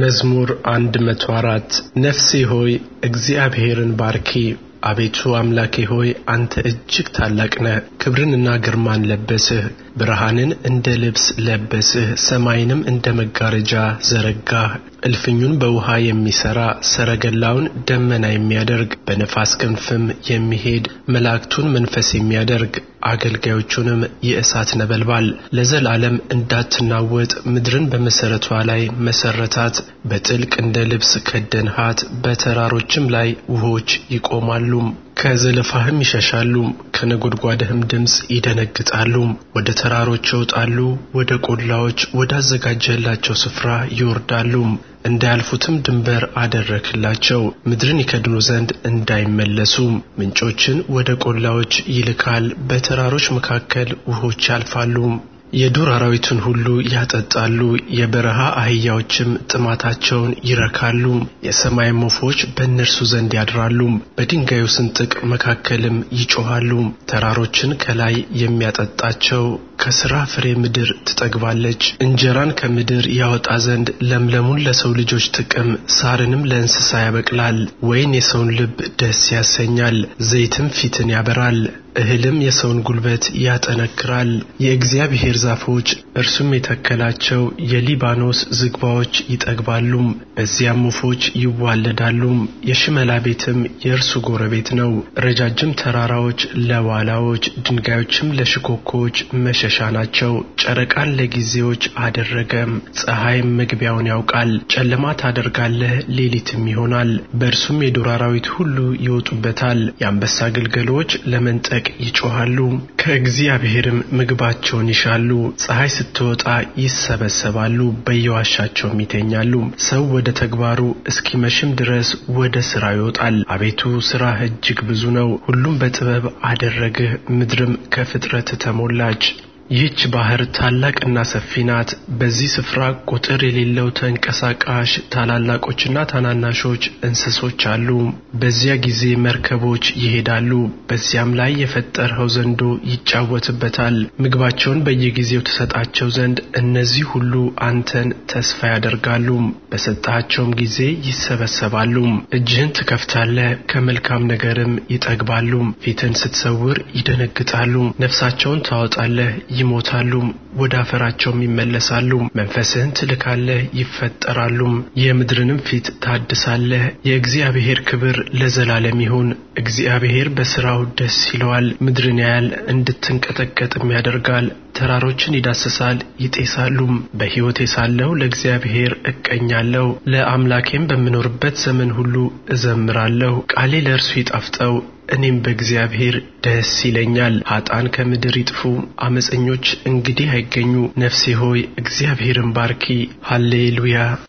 መዝሙር መቶ አራት ነፍሴ ሆይ እግዚአብሔርን ባርኪ አቤቱ አምላኬ ሆይ አንተ እጅግ ታላቅ ነህ ክብርንና ግርማን ለበስህ ብርሃንን እንደ ልብስ ለበስህ ሰማይንም እንደ መጋረጃ ዘረጋህ እልፍኙን በውኃ የሚሠራ ሰረገላውን ደመና የሚያደርግ በነፋስ ክንፍም የሚሄድ መላእክቱን መንፈስ የሚያደርግ አገልጋዮቹንም የእሳት ነበልባል ለዘላለም እንዳትናወጥ ምድርን በመሠረቷ ላይ መሠረታት በጥልቅ እንደ ልብስ ከደንሃት በተራሮችም ላይ ውኆች ይቆማሉ ከዘለፋህም ይሸሻሉ ከነጐድጓድህም ድምፅ ይደነግጣሉ ወደ ከተራሮች ይወጣሉ ወደ ቈላዎች ወዳዘጋጀህላቸው ስፍራ ይወርዳሉ እንዳያልፉትም ድንበር አደረግህላቸው ምድርን ይከድኑ ዘንድ እንዳይመለሱ ምንጮችን ወደ ቈላዎች ይልካል በተራሮች መካከል ውኆች ያልፋሉ የዱር አራዊትን ሁሉ ያጠጣሉ የበረሃ አህያዎችም ጥማታቸውን ይረካሉ የሰማይም ወፎች በእነርሱ ዘንድ ያድራሉ በድንጋዩ ስንጥቅ መካከልም ይጮኻሉ ተራሮችን ከላይ የሚያጠጣቸው ከሥራ ፍሬ ምድር ትጠግባለች እንጀራን ከምድር ያወጣ ዘንድ ለምለሙን ለሰው ልጆች ጥቅም ሳርንም ለእንስሳ ያበቅላል ወይን የሰውን ልብ ደስ ያሰኛል ዘይትም ፊትን ያበራል እህልም የሰውን ጕልበት ያጠነክራል የእግዚአብሔር ዛፎች እርሱም የተከላቸው የሊባኖስ ዝግባዎች ይጠግባሉ በዚያም ወፎች ይዋለዳሉ የሽመላ ቤትም የእርሱ ጎረቤት ነው ረጃጅም ተራራዎች ለዋላዎች ድንጋዮችም ለሽኮኮዎች መሸሻ ናቸው ጨረቃን ለጊዜዎች አደረገ ፀሐይም መግቢያውን ያውቃል ጨለማ ታደርጋለህ ሌሊትም ይሆናል በእርሱም የዱር አራዊት ሁሉ ይወጡበታል የአንበሳ ግልገሎች ለመንጠቅ ሲጠነቅ ይጮኻሉ ከእግዚአብሔርም ምግባቸውን ይሻሉ ፀሐይ ስትወጣ ይሰበሰባሉ በየዋሻቸውም ይተኛሉ ሰው ወደ ተግባሩ እስኪመሽም ድረስ ወደ ሥራ ይወጣል አቤቱ ሥራህ እጅግ ብዙ ነው ሁሉም በጥበብ አደረግህ ምድርም ከፍጥረትህ ተሞላች ይህች ባሕር ታላቅና ሰፊ ናት በዚህ ስፍራ ቍጥር የሌለው ተንቀሳቃሽ ታላላቆችና ታናናሾች እንስሶች አሉ በዚያ ጊዜ መርከቦች ይሄዳሉ በዚያም ላይ የፈጠርኸው ዘንዶ ይጫወትበታል ምግባቸውን በየጊዜው ትሰጣቸው ዘንድ እነዚህ ሁሉ አንተን ተስፋ ያደርጋሉ በሰጣቸውም ጊዜ ይሰበሰባሉ እጅህን ትከፍታለህ ከመልካም ነገርም ይጠግባሉ ፊትን ስትሰውር ይደነግጣሉ ነፍሳቸውን ታወጣለህ ይሞታሉ፣ ወደ አፈራቸውም ይመለሳሉ። መንፈስህን ትልካለህ፣ ይፈጠራሉም፣ የምድርንም ፊት ታድሳለህ። የእግዚአብሔር ክብር ለዘላለም ይሁን። እግዚአብሔር በሥራው ደስ ይለዋል፣ ምድርን ያያል፣ እንድትንቀጠቀጥም ያደርጋል። ተራሮችን ይዳስሳል ይጤሳሉም በሕይወቴ ሳለሁ ለእግዚአብሔር እቀኛለሁ ለአምላኬም በምኖርበት ዘመን ሁሉ እዘምራለሁ ቃሌ ለእርሱ ይጣፍጠው እኔም በእግዚአብሔር ደስ ይለኛል ኀጥኣን ከምድር ይጥፉ ዓመፀኞች እንግዲህ አይገኙ ነፍሴ ሆይ እግዚአብሔርን ባርኪ ሃሌሉያ።